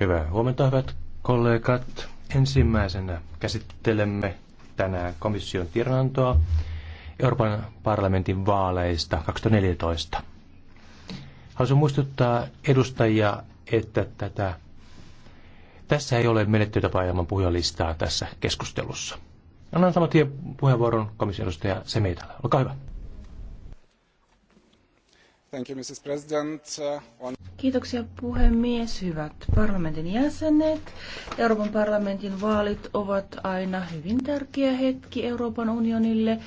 Hyvää huomenta, hyvät kollegat. Ensimmäisenä käsittelemme tänään komission tiedonantoa Euroopan parlamentin vaaleista 2014. Haluaisin muistuttaa edustajia, että tätä, tässä ei ole menettelytapa ilman puhujalistaa tässä keskustelussa. Annan saman tien puheenvuoron komission edustaja Semeitalle. Olkaa hyvä. Thank you, Mrs. President. Uh, on... Kiitoksia puhemies, hyvät parlamentin jäsenet. Euroopan parlamentin vaalit ovat aina hyvin tärkeä hetki Euroopan unionille.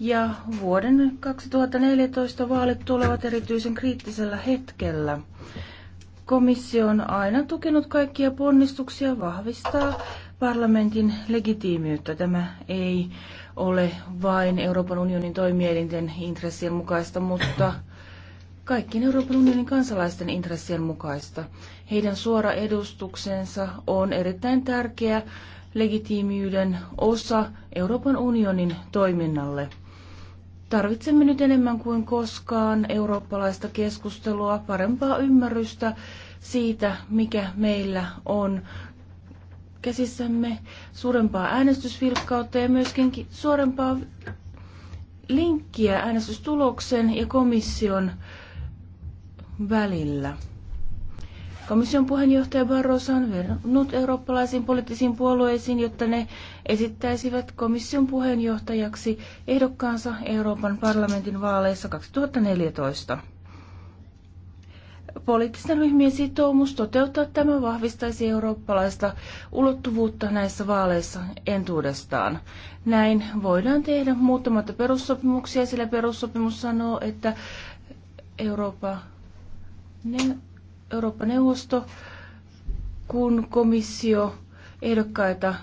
Ja vuoden 2014 vaalit tulevat erityisen kriittisellä hetkellä. Komissio on aina tukenut kaikkia ponnistuksia vahvistaa parlamentin legitiimiyttä. Tämä ei ole vain Euroopan unionin toimielinten intressien mukaista, mutta kaikkien Euroopan unionin kansalaisten intressien mukaista. Heidän suora edustuksensa on erittäin tärkeä legitiimiyden osa Euroopan unionin toiminnalle. Tarvitsemme nyt enemmän kuin koskaan eurooppalaista keskustelua, parempaa ymmärrystä siitä, mikä meillä on käsissämme, suurempaa äänestysvilkkautta ja myöskin suurempaa linkkiä äänestystuloksen ja komission välillä. Komission puheenjohtaja Barroso on vernut eurooppalaisiin poliittisiin puolueisiin, jotta ne esittäisivät komission puheenjohtajaksi ehdokkaansa Euroopan parlamentin vaaleissa 2014. Poliittisten ryhmien sitoumus toteuttaa tämä vahvistaisi eurooppalaista ulottuvuutta näissä vaaleissa entuudestaan. Näin voidaan tehdä muuttamatta perussopimuksia, sillä perussopimus sanoo, että Eurooppa niin Eurooppa-neuvosto, kun komissio ehdokkaita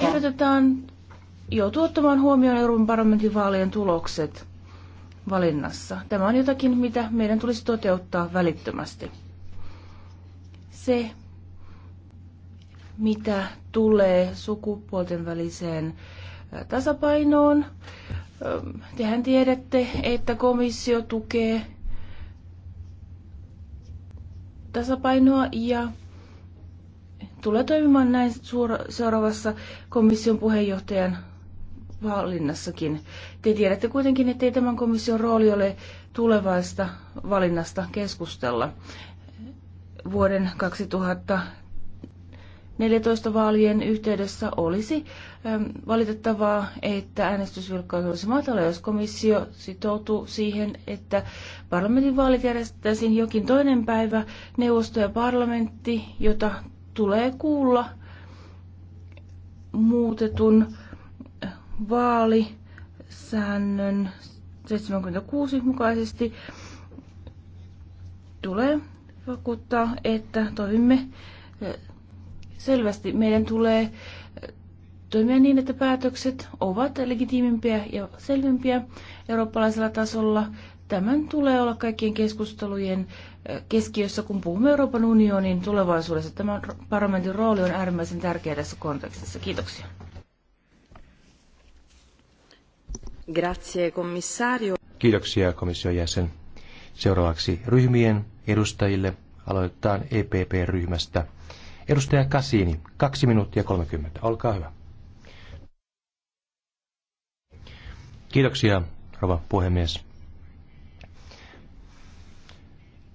ehdotetaan, joutuu ottamaan huomioon Euroopan parlamentin vaalien tulokset valinnassa. Tämä on jotakin, mitä meidän tulisi toteuttaa välittömästi. Se, mitä tulee sukupuolten väliseen äh, tasapainoon, ähm, Tehän tiedätte, että komissio tukee tasapainoa ja tulee toimimaan näin suora- seuraavassa komission puheenjohtajan valinnassakin. Te tiedätte kuitenkin, että ei tämän komission rooli ole tulevaista valinnasta keskustella. Vuoden 2000 14 vaalien yhteydessä olisi ähm, valitettavaa, että äänestysvilkkaus olisi matala, jos komissio sitoutuu siihen, että parlamentin vaalit järjestettäisiin jokin toinen päivä, neuvosto ja parlamentti, jota tulee kuulla muutetun vaalisäännön 76 mukaisesti, tulee vakuuttaa, että toimimme äh, selvästi. Meidän tulee eh, toimia niin, että päätökset ovat legitiimimpiä ja selvempiä eurooppalaisella tasolla. Tämän tulee olla kaikkien keskustelujen eh, keskiössä, kun puhumme Euroopan unionin tulevaisuudessa. Tämän parlamentin rooli on äärimmäisen tärkeä tässä kontekstissa. Kiitoksia. Grazie, komissario. Kiitoksia komission jäsen. Seuraavaksi ryhmien edustajille aloitetaan EPP-ryhmästä. Edustaja Cassini, 2 minuuttia 30. Olkaa hyvä. Kiitoksia, rouva puhemies.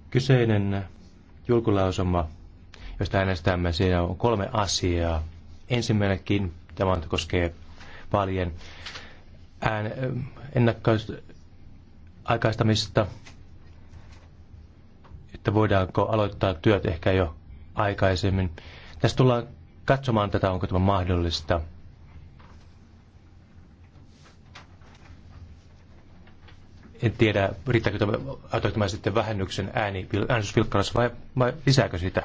Kyseinen julkulausuma, josta äänestämme, siinä on kolme asiaa. Ensimmäinenkin, tämä koskee vaalien ään, aikaistamista, että voidaanko aloittaa työt ehkä jo aikaisemmin. Tässä tullaan katsomaan tätä, onko tämä mahdollista. En tiedä, riittääkö tämä, tämä sitten vähennyksen ääni, äänestysvilkkaudessa vai, vai lisääkö sitä.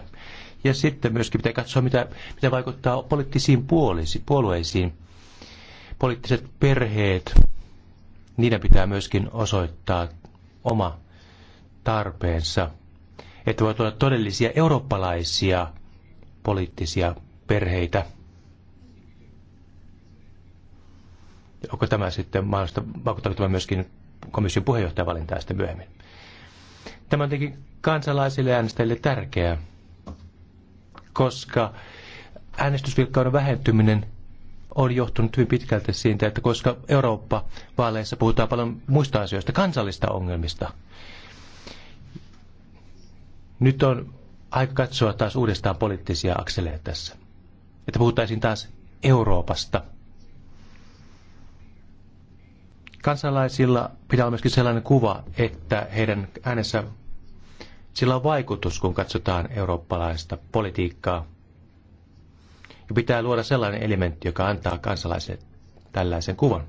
Ja sitten myöskin pitää katsoa, mitä, mitä vaikuttaa poliittisiin puolisi, puolueisiin. Poliittiset perheet, niiden pitää myöskin osoittaa oma tarpeensa – että voivat olla todellisia eurooppalaisia poliittisia perheitä. Onko tämä sitten mahdollista, vaikuttaa myöskin komission valintaa sitten myöhemmin? Tämä on tietenkin kansalaisille äänestäjille tärkeää, koska äänestysvilkkauden vähentyminen on johtunut hyvin pitkälti siitä, että koska Eurooppa-vaaleissa puhutaan paljon muista asioista, kansallista ongelmista, nyt on aika katsoa taas uudestaan poliittisia akseleja tässä. Että puhuttaisiin taas Euroopasta. Kansalaisilla pitää olla myöskin sellainen kuva, että heidän äänessä sillä on vaikutus, kun katsotaan eurooppalaista politiikkaa. Ja pitää luoda sellainen elementti, joka antaa kansalaisille tällaisen kuvan.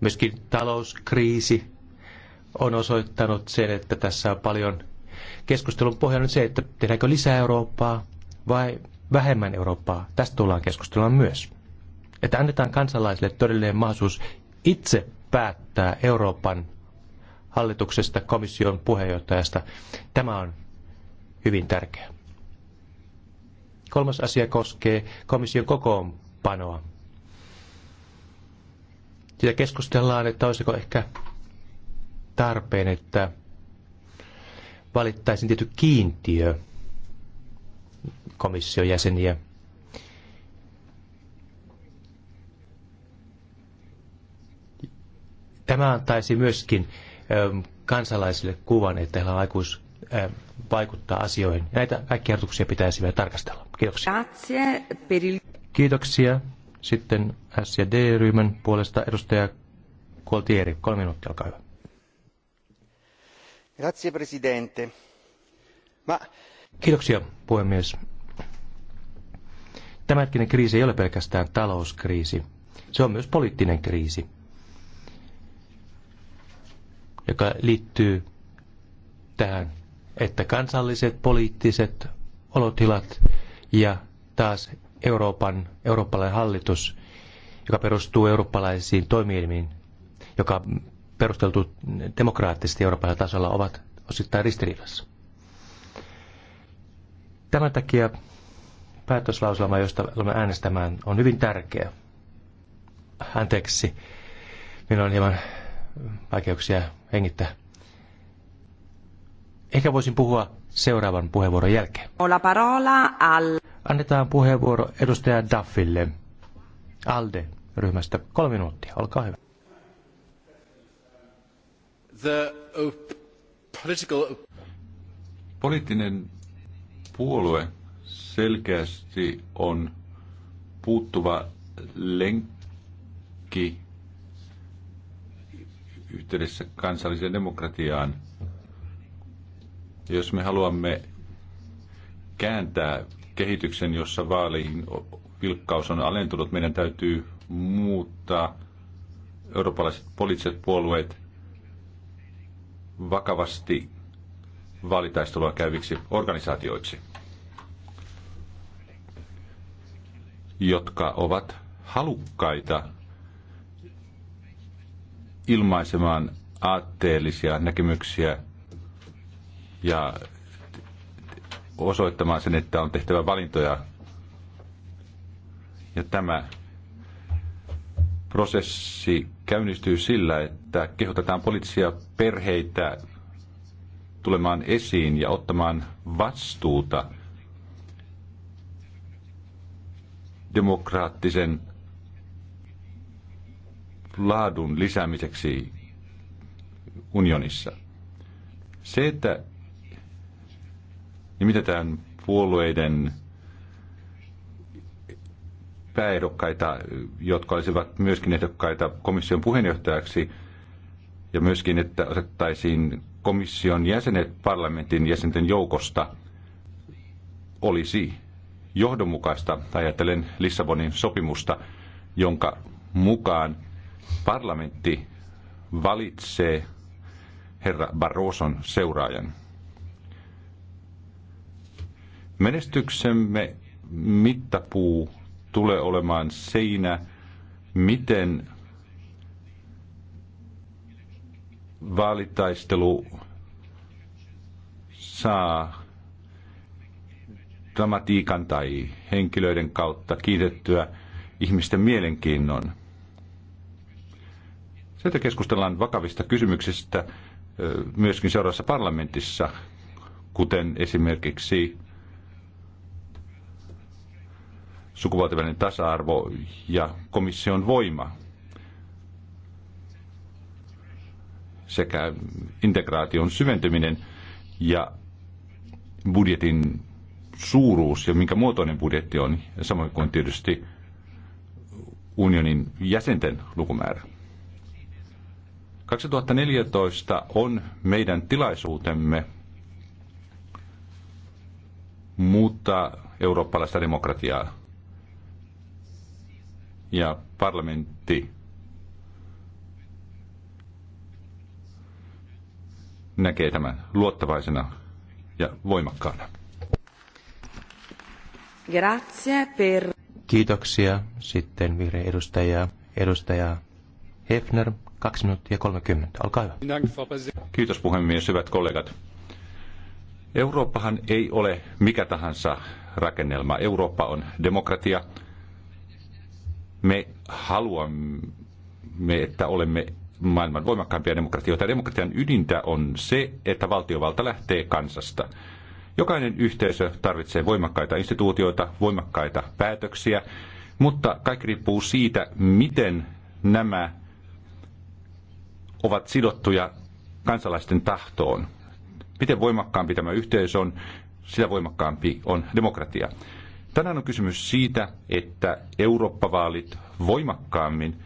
Myöskin talouskriisi on osoittanut sen, että tässä on paljon keskustelun pohjana se, että tehdäänkö lisää Eurooppaa vai vähemmän Eurooppaa. Tästä tullaan keskustelemaan myös. Että annetaan kansalaisille todellinen mahdollisuus itse päättää Euroopan hallituksesta, komission puheenjohtajasta. Tämä on hyvin tärkeä. Kolmas asia koskee komission kokoonpanoa. Sitä keskustellaan, että olisiko ehkä tarpeen, että valittaisiin tietty kiintiö komission jäseniä. Tämä antaisi myöskin ähm, kansalaisille kuvan, että heillä on aikuis ähm, vaikuttaa asioihin. Näitä kaikkia ehdotuksia pitäisi vielä tarkastella. Kiitoksia. Kiitoksia. Sitten S- ja D-ryhmän puolesta edustaja Koltieri. Kolme minuuttia, olkaa hyvä arvoisa puhemies. Tämänhetkinen kriisi ei ole pelkästään talouskriisi. Se on myös poliittinen kriisi, joka liittyy tähän, että kansalliset poliittiset olotilat ja taas Euroopan, eurooppalainen hallitus, joka perustuu eurooppalaisiin toimielimiin, joka perusteltu demokraattisesti Euroopan tasolla ovat osittain ristiriidassa. Tämän takia päätöslauselma, josta olemme äänestämään, on hyvin tärkeä. Anteeksi, minulla on hieman vaikeuksia hengittää. Ehkä voisin puhua seuraavan puheenvuoron jälkeen. Ola parola al... Annetaan puheenvuoro edustaja Daffille, ALDE-ryhmästä. Kolme minuuttia, olkaa hyvä. The uh, political... Uh, Poliittinen puolue selkeästi on puuttuva lenkki yhteydessä kansalliseen demokratiaan. Jos me haluamme kääntää kehityksen, jossa vaaliin vilkkaus on alentunut, meidän täytyy muuttaa eurooppalaiset poliittiset puolueet vakavasti vaalitaistelua käyviksi organisaatioiksi, jotka ovat halukkaita ilmaisemaan aatteellisia näkemyksiä ja osoittamaan sen, että on tehtävä valintoja. Ja tämä prosessi käynnistyy sillä, että kehotetaan poliittisia perheitä tulemaan esiin ja ottamaan vastuuta demokraattisen laadun lisäämiseksi unionissa. Se, että nimitetään puolueiden pääehdokkaita, jotka olisivat myöskin ehdokkaita komission puheenjohtajaksi, ja myöskin, että otettaisiin komission jäsenet parlamentin jäsenten joukosta, olisi johdonmukaista, ajatellen Lissabonin sopimusta, jonka mukaan parlamentti valitsee herra Barroson seuraajan. Menestyksemme mittapuu tule olemaan siinä, miten vaalitaistelu saa dramatiikan tai henkilöiden kautta kiitettyä ihmisten mielenkiinnon. Sieltä keskustellaan vakavista kysymyksistä myöskin seuraavassa parlamentissa, kuten esimerkiksi sukupuolten välinen tasa-arvo ja komission voima sekä integraation syventyminen ja budjetin suuruus ja minkä muotoinen budjetti on, ja samoin kuin tietysti unionin jäsenten lukumäärä. 2014 on meidän tilaisuutemme muuttaa eurooppalaista demokratiaa ja parlamentti näkee tämän luottavaisena ja voimakkaana. Grazie per... Kiitoksia. Sitten vihreä edustaja, edustaja Hefner, 2 minuuttia 30. Olkaa hyvä. Kiitos puhemies, hyvät kollegat. Eurooppahan ei ole mikä tahansa rakennelma. Eurooppa on demokratia, me haluamme, että olemme maailman voimakkaimpia demokratioita. Demokratian ydintä on se, että valtiovalta lähtee kansasta. Jokainen yhteisö tarvitsee voimakkaita instituutioita, voimakkaita päätöksiä, mutta kaikki riippuu siitä, miten nämä ovat sidottuja kansalaisten tahtoon. Miten voimakkaampi tämä yhteisö on, sitä voimakkaampi on demokratia. Tänään on kysymys siitä, että Eurooppa-vaalit voimakkaammin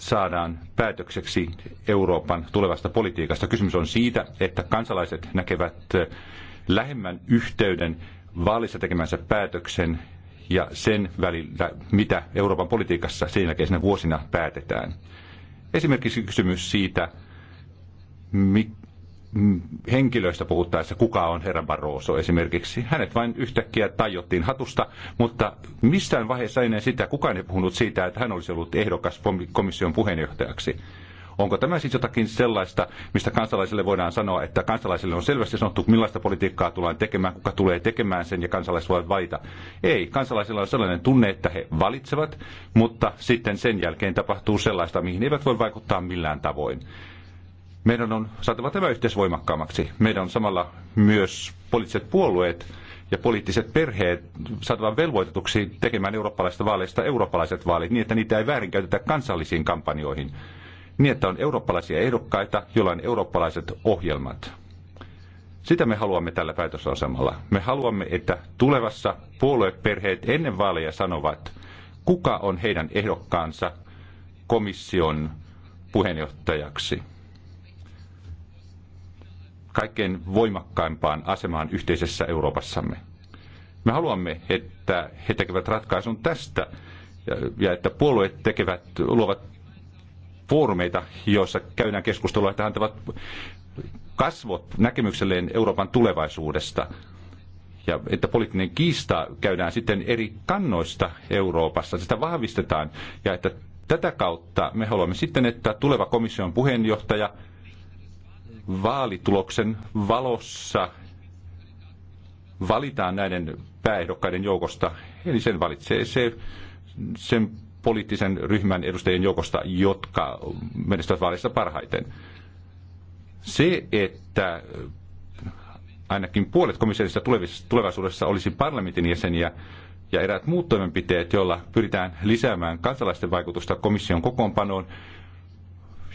saadaan päätökseksi Euroopan tulevasta politiikasta. Kysymys on siitä, että kansalaiset näkevät lähemmän yhteyden vaalissa tekemänsä päätöksen ja sen välillä, mitä Euroopan politiikassa sen jälkeisenä vuosina päätetään. Esimerkiksi kysymys siitä, henkilöistä puhuttaessa, kuka on herra Barroso esimerkiksi. Hänet vain yhtäkkiä tajottiin hatusta, mutta missään vaiheessa ennen sitä kukaan ei puhunut siitä, että hän olisi ollut ehdokas komission puheenjohtajaksi. Onko tämä siis jotakin sellaista, mistä kansalaisille voidaan sanoa, että kansalaisille on selvästi sanottu, millaista politiikkaa tullaan tekemään, kuka tulee tekemään sen ja kansalaiset voivat valita? Ei, kansalaisilla on sellainen tunne, että he valitsevat, mutta sitten sen jälkeen tapahtuu sellaista, mihin eivät voi vaikuttaa millään tavoin. Meidän on saatava tämä yhteys voimakkaammaksi. Meidän on samalla myös poliittiset puolueet ja poliittiset perheet saatava velvoitetuksi tekemään eurooppalaisista vaaleista eurooppalaiset vaalit niin, että niitä ei väärinkäytetä kansallisiin kampanjoihin. Niin, että on eurooppalaisia ehdokkaita, joilla on eurooppalaiset ohjelmat. Sitä me haluamme tällä päätösasemalla. Me haluamme, että tulevassa puolueperheet ennen vaaleja sanovat, kuka on heidän ehdokkaansa komission puheenjohtajaksi kaikkein voimakkaimpaan asemaan yhteisessä Euroopassamme. Me haluamme, että he tekevät ratkaisun tästä ja että puolueet tekevät, luovat foorumeita, joissa käydään keskustelua, että antavat kasvot näkemykselleen Euroopan tulevaisuudesta. Ja että poliittinen kiista käydään sitten eri kannoista Euroopassa, sitä vahvistetaan ja että tätä kautta me haluamme sitten, että tuleva komission puheenjohtaja – vaalituloksen valossa valitaan näiden pääehdokkaiden joukosta, eli sen valitsee se, sen poliittisen ryhmän edustajien joukosta, jotka menestyvät vaaleissa parhaiten. Se, että ainakin puolet komissiosta tulevaisuudessa olisi parlamentin jäseniä ja eräät muut toimenpiteet, joilla pyritään lisäämään kansalaisten vaikutusta komission kokoonpanoon,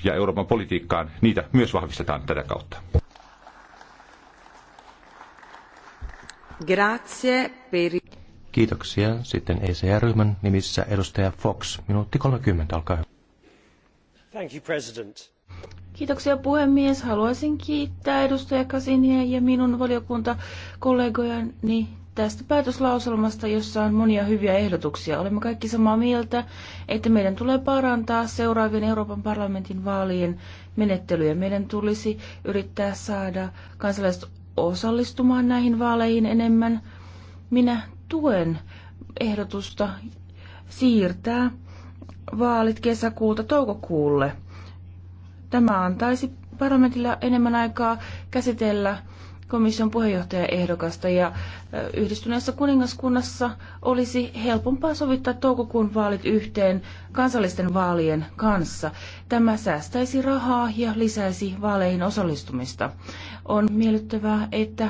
ja Euroopan politiikkaan, niitä myös vahvistetaan tätä kautta. Kiitoksia. Sitten ECR-ryhmän nimissä edustaja Fox. Minuutti 30, alkaa hyvä. Thank you, President. Kiitoksia puhemies. Haluaisin kiittää edustaja Kasinia ja minun valiokunta valiokuntakollegojani tästä päätöslauselmasta, jossa on monia hyviä ehdotuksia. Olemme kaikki samaa mieltä, että meidän tulee parantaa seuraavien Euroopan parlamentin vaalien menettelyjä. Meidän tulisi yrittää saada kansalaiset osallistumaan näihin vaaleihin enemmän. Minä tuen ehdotusta siirtää vaalit kesäkuulta toukokuulle. Tämä antaisi parlamentilla enemmän aikaa käsitellä komission puheenjohtajaehdokasta ja yhdistyneessä kuningaskunnassa olisi helpompaa sovittaa toukokuun vaalit yhteen kansallisten vaalien kanssa. Tämä säästäisi rahaa ja lisäisi vaaleihin osallistumista. On miellyttävää, että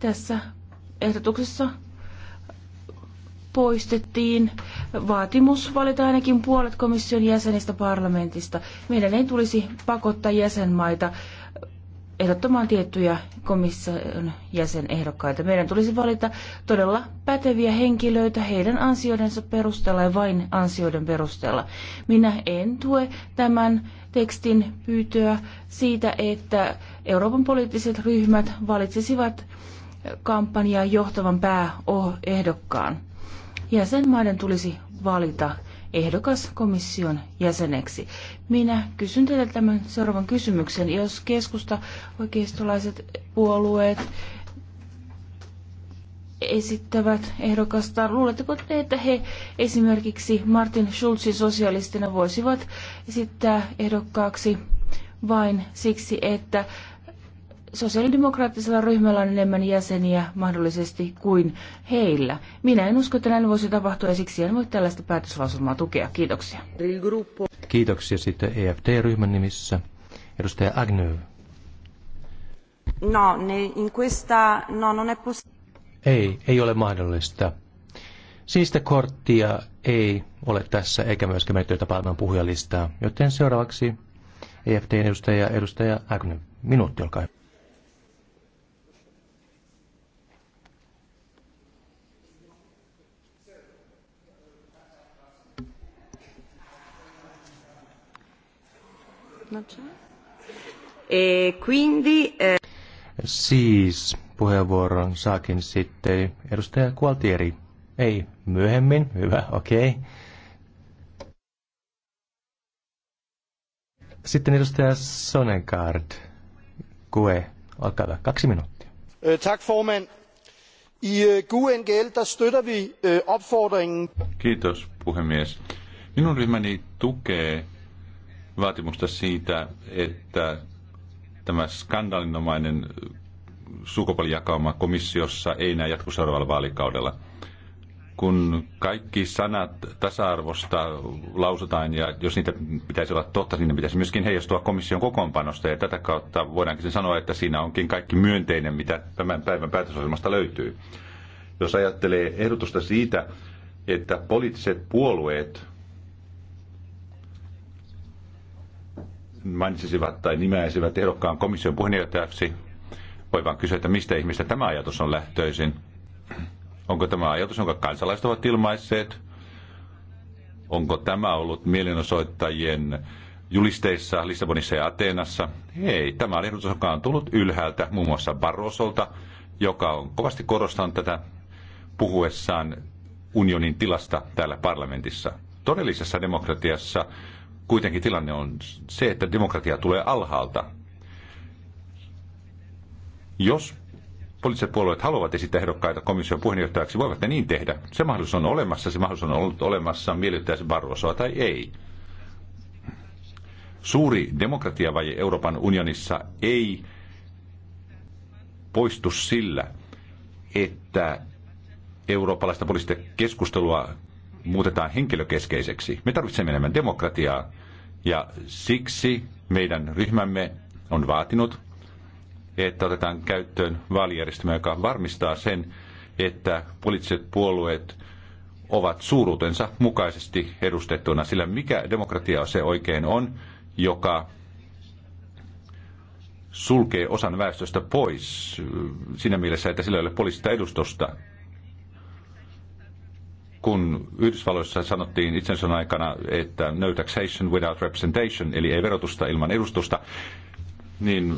tässä ehdotuksessa poistettiin vaatimus valita ainakin puolet komission jäsenistä parlamentista. Meidän ei tulisi pakottaa jäsenmaita ehdottamaan tiettyjä komission jäsenehdokkaita. Meidän tulisi valita todella päteviä henkilöitä heidän ansioidensa perusteella ja vain ansioiden perusteella. Minä en tue tämän tekstin pyytöä siitä, että Euroopan poliittiset ryhmät valitsisivat kampanjaa johtavan pääehdokkaan. Jäsenmaiden tulisi valita ehdokas komission jäseneksi. Minä kysyn teiltä tämän seuraavan kysymyksen. Jos keskusta, oikeistolaiset puolueet esittävät ehdokasta, luuletteko te, että he esimerkiksi Martin Schulzin sosialistina voisivat esittää ehdokkaaksi vain siksi, että sosiaalidemokraattisella ryhmällä on enemmän jäseniä mahdollisesti kuin heillä. Minä en usko, että näin voisi tapahtua ja siksi en voi tällaista päätöslausumaa tukea. Kiitoksia. Kiitoksia sitten EFT-ryhmän nimissä. Edustaja Agnew. No, ne, in questa, no, non è poss- ei, ei ole mahdollista. Siistä korttia ei ole tässä eikä myöskään menettelytä palvelun puhujalistaa, joten seuraavaksi eft edustaja, edustaja Agnew. Minuutti, olkaa hyvä. E quindi, eh... Siis puheenvuoron saakin sitten edustaja Kualtieri. Ei, myöhemmin. Hyvä, okei. Okay. Sitten edustaja Sonengaard. Kue, olkaa hyvä. Kaksi minuuttia. Eh, tak formand. I eh, GUNGL der støtter vi opfordringen. Kiitos puhemies. Minun ryhmäni tukee vaatimusta siitä, että tämä skandalinomainen sukupuolijakauma komissiossa ei näe jatku seuraavalla vaalikaudella. Kun kaikki sanat tasa-arvosta lausutaan ja jos niitä pitäisi olla totta, niin ne pitäisi myöskin heijastua komission kokoonpanosta. Ja tätä kautta voidaankin sanoa, että siinä onkin kaikki myönteinen, mitä tämän päivän päätösohjelmasta löytyy. Jos ajattelee ehdotusta siitä, että poliittiset puolueet mainitsisivat tai nimeäisivät ehdokkaan komission puheenjohtajaksi, voi vaan kysyä, että mistä ihmistä tämä ajatus on lähtöisin. Onko tämä ajatus, jonka kansalaiset ovat ilmaisseet? Onko tämä ollut mielenosoittajien julisteissa Lissabonissa ja Ateenassa? Ei, tämä on ehdotus, joka on tullut ylhäältä, muun muassa Barrosolta, joka on kovasti korostanut tätä puhuessaan unionin tilasta täällä parlamentissa. Todellisessa demokratiassa Kuitenkin tilanne on se, että demokratia tulee alhaalta. Jos poliittiset puolueet haluavat esittää ehdokkaita komission puheenjohtajaksi, voivat ne niin tehdä. Se mahdollisuus on olemassa, se mahdollisuus on ollut olemassa, miellyttää se Barrosoa tai ei. Suuri demokratiavaje Euroopan unionissa ei poistu sillä, että eurooppalaista poliittista keskustelua muutetaan henkilökeskeiseksi. Me tarvitsemme enemmän demokratiaa ja siksi meidän ryhmämme on vaatinut, että otetaan käyttöön vaalijärjestelmä, joka varmistaa sen, että poliittiset puolueet ovat suuruutensa mukaisesti edustettuna, sillä mikä demokratia se oikein on, joka sulkee osan väestöstä pois äh, siinä mielessä, että sillä ei ole poliittista edustusta kun Yhdysvalloissa sanottiin itsensä aikana, että no taxation without representation, eli ei verotusta ilman edustusta, niin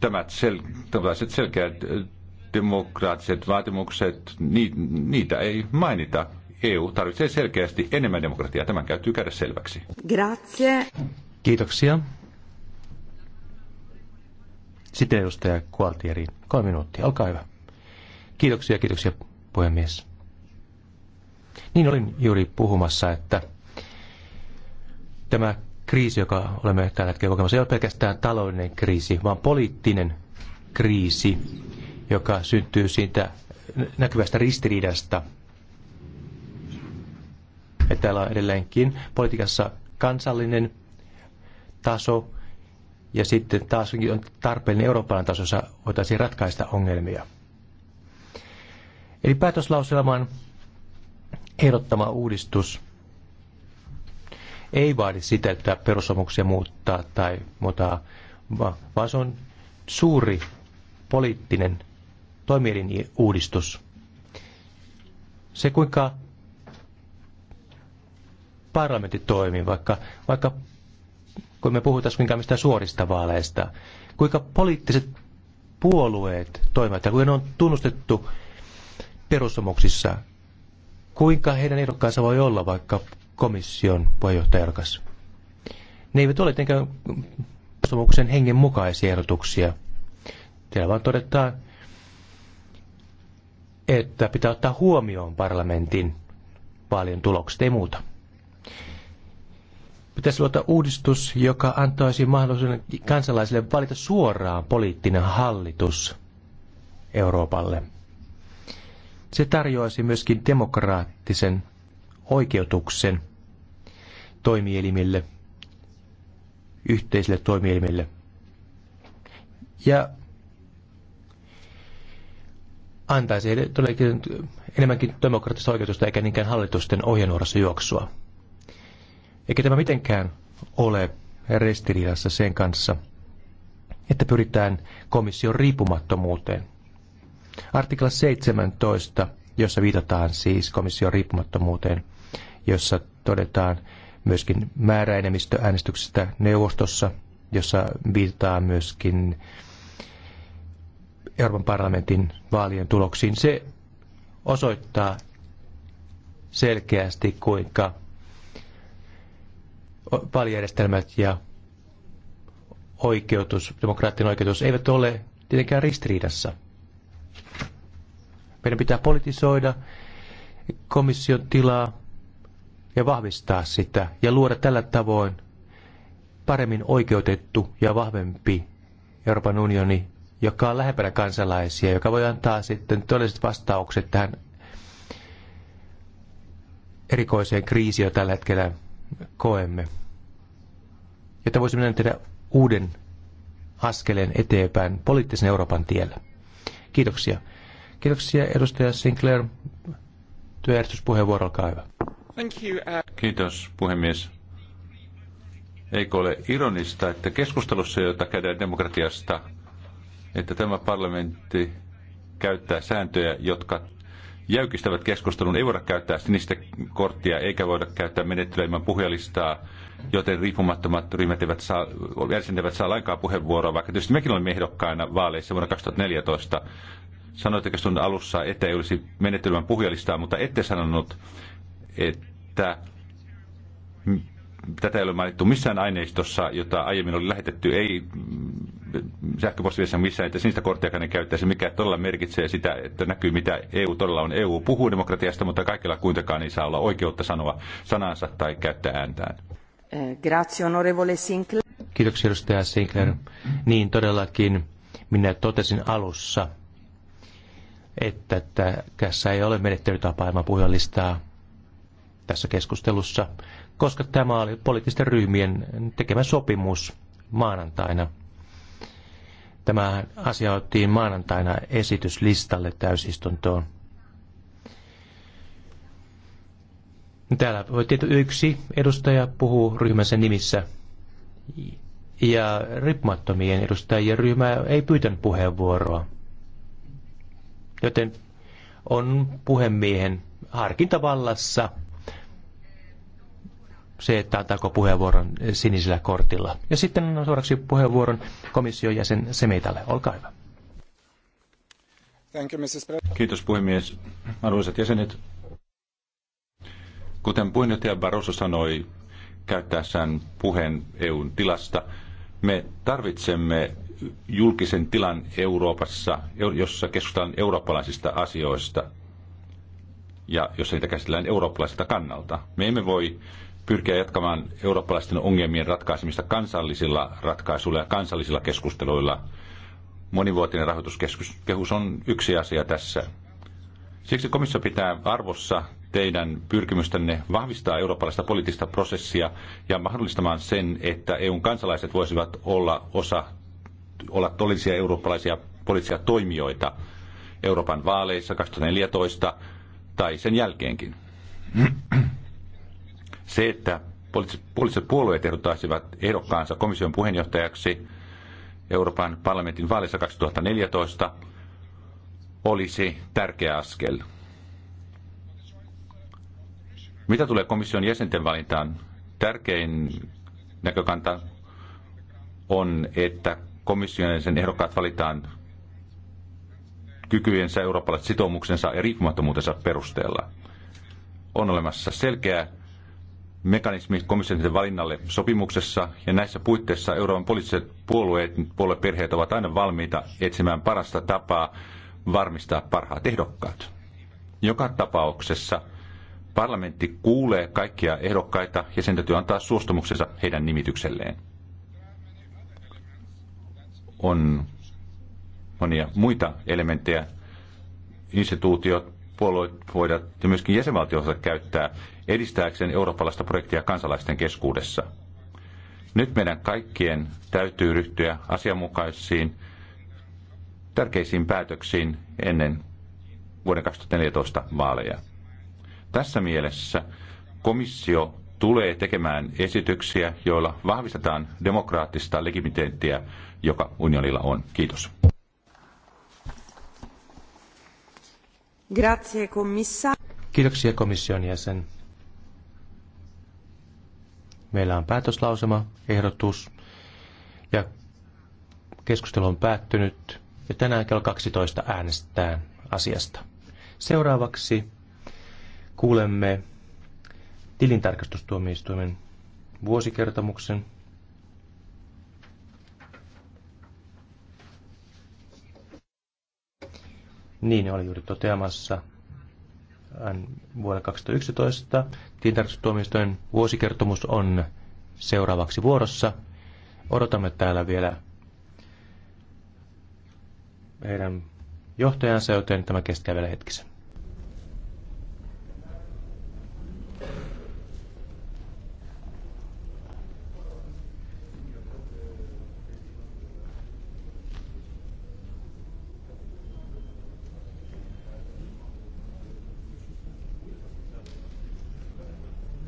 tämä sel- selkeät demokraattiset vaatimukset, ni- niitä ei mainita. EU tarvitsee selkeästi enemmän demokratiaa. Tämän käytyy käydä selväksi. Grazie. Kiitoksia. Sitten edustaja Kualtieri. Kolme minuuttia, olkaa hyvä. Kiitoksia, kiitoksia puhemies. Niin olin juuri puhumassa, että tämä kriisi, joka olemme tällä hetkellä kokemassa, ei ole pelkästään taloudellinen kriisi, vaan poliittinen kriisi, joka syntyy siitä näkyvästä ristiriidasta. Että täällä on edelleenkin politiikassa kansallinen taso ja sitten taas on tarpeellinen Euroopan tasossa voitaisiin ratkaista ongelmia. Eli päätöslauselman ehdottama uudistus ei vaadi sitä, että perusomuksia muuttaa tai muuta, vaan se on suuri poliittinen toimielin uudistus. Se kuinka parlamentti toimii, vaikka, vaikka kun me puhutaan kuinka mistä suorista vaaleista, kuinka poliittiset puolueet toimivat ja kuinka ne on tunnustettu perusomuksissa kuinka heidän ehdokkaansa voi olla vaikka komission puheenjohtajaehdokas. Ne eivät ole tietenkään sopimuksen hengen mukaisia ehdotuksia. Siellä vaan todetaan, että pitää ottaa huomioon parlamentin vaalien tulokset, ei muuta. Pitäisi luoda uudistus, joka antaisi mahdollisuuden kansalaisille valita suoraan poliittinen hallitus Euroopalle. Se tarjoaisi myöskin demokraattisen oikeutuksen toimielimille, yhteisille toimielimille. Ja antaisi todellakin enemmänkin demokraattista oikeutusta eikä niinkään hallitusten ohjenuorassa juoksua. Eikä tämä mitenkään ole ristiriidassa sen kanssa, että pyritään komission riippumattomuuteen. Artikla 17, jossa viitataan siis komission riippumattomuuteen, jossa todetaan myöskin määräenemmistöäänestyksestä neuvostossa, jossa viitataan myöskin Euroopan parlamentin vaalien tuloksiin. Se osoittaa selkeästi, kuinka vaalijärjestelmät ja oikeutus, demokraattinen oikeutus eivät ole tietenkään ristiriidassa. Meidän pitää politisoida komission tilaa ja vahvistaa sitä ja luoda tällä tavoin paremmin oikeutettu ja vahvempi Euroopan unioni, joka on lähempänä kansalaisia, joka voi antaa sitten todelliset vastaukset tähän erikoiseen kriisiin, jota tällä hetkellä koemme. Jotta voisimme tehdä uuden askeleen eteenpäin poliittisen Euroopan tiellä. Kiitoksia. Kiitoksia edustaja Sinclair. Työjärjestyspuheenvuoro, olkaa hyvä. Uh, Kiitos puhemies. Eikö ole ironista, että keskustelussa, jota käydään demokratiasta, että tämä parlamentti käyttää sääntöjä, jotka jäykistävät keskustelun. Ei voida käyttää sinistä korttia eikä voida käyttää menettelyä ilman puhujalistaa, joten riippumattomat ryhmät eivät saa, jäsenet eivät saa lainkaan puheenvuoroa, vaikka tietysti mekin olemme ehdokkaina vaaleissa vuonna 2014. Sanoitteko sun alussa, että ei olisi menetelmän puhujalistaa, mutta ette sanonut, että tätä ei ole mainittu missään aineistossa, jota aiemmin oli lähetetty, ei sähköpostiviestissä missään, että sinistä korttiakaan ei käyttäisi, mikä todella merkitsee sitä, että näkyy mitä EU todella on. EU puhuu demokratiasta, mutta kaikilla kuitenkaan ei saa olla oikeutta sanoa sanansa tai käyttää ääntään. Grazie, onorevole Sinclair. Kiitoksia, edustaja Sinclair. Niin, todellakin minä totesin alussa, että, että tässä ei ole menettelytapaa ilman puhujalistaa tässä keskustelussa, koska tämä oli poliittisten ryhmien tekemä sopimus maanantaina. Tämä asia ottiin maanantaina esityslistalle täysistuntoon. Täällä yksi edustaja puhuu ryhmänsä nimissä ja riippumattomien edustajien ryhmä ei pyytänyt puheenvuoroa joten on puhemiehen harkintavallassa se, että antaako puheenvuoron sinisellä kortilla. Ja sitten on suoraksi puheenvuoron komission jäsen Semitalle. Olkaa hyvä. Kiitos puhemies. Arvoisat jäsenet, kuten puheenjohtaja Barroso sanoi käyttäessään puheen EUn tilasta, me tarvitsemme julkisen tilan Euroopassa, jossa keskustellaan eurooppalaisista asioista ja jossa niitä käsitellään eurooppalaiselta kannalta. Me emme voi pyrkiä jatkamaan eurooppalaisten ongelmien ratkaisemista kansallisilla ratkaisuilla ja kansallisilla keskusteluilla. Monivuotinen rahoituskehus on yksi asia tässä. Siksi komissio pitää arvossa teidän pyrkimystänne vahvistaa eurooppalaista poliittista prosessia ja mahdollistamaan sen, että EUn kansalaiset voisivat olla osa olla todellisia eurooppalaisia poliittisia toimijoita Euroopan vaaleissa 2014 tai sen jälkeenkin. Se, että poliittiset puolueet ehdottaisivat ehdokkaansa komission puheenjohtajaksi Euroopan parlamentin vaaleissa 2014, olisi tärkeä askel. Mitä tulee komission jäsenten valintaan? Tärkein näkökanta on, että komission sen ehdokkaat valitaan kykyjensä, eurooppalaiset sitoumuksensa ja riippumattomuutensa perusteella. On olemassa selkeä mekanismi komission valinnalle sopimuksessa, ja näissä puitteissa Euroopan poliittiset puolueet, puolueperheet ovat aina valmiita etsimään parasta tapaa varmistaa parhaat ehdokkaat. Joka tapauksessa parlamentti kuulee kaikkia ehdokkaita ja sen täytyy antaa suostumuksensa heidän nimitykselleen on monia muita elementtejä, instituutiot, puolueet voidaan ja myöskin jäsenvaltioita käyttää edistääkseen eurooppalaista projektia kansalaisten keskuudessa. Nyt meidän kaikkien täytyy ryhtyä asianmukaisiin tärkeisiin päätöksiin ennen vuoden 2014 vaaleja. Tässä mielessä komissio tulee tekemään esityksiä, joilla vahvistetaan demokraattista legitimiteettiä, joka unionilla on. Kiitos. Grazie, Kiitoksia komission jäsen. Meillä on päätöslausema, ehdotus ja keskustelu on päättynyt ja tänään kello 12 äänestetään asiasta. Seuraavaksi kuulemme tilintarkastustuomioistuimen vuosikertomuksen. Niin, oli juuri toteamassa vuonna 2011. Tilintarkastustuomioistuimen vuosikertomus on seuraavaksi vuorossa. Odotamme täällä vielä heidän johtajansa, joten tämä kestää vielä hetkisen.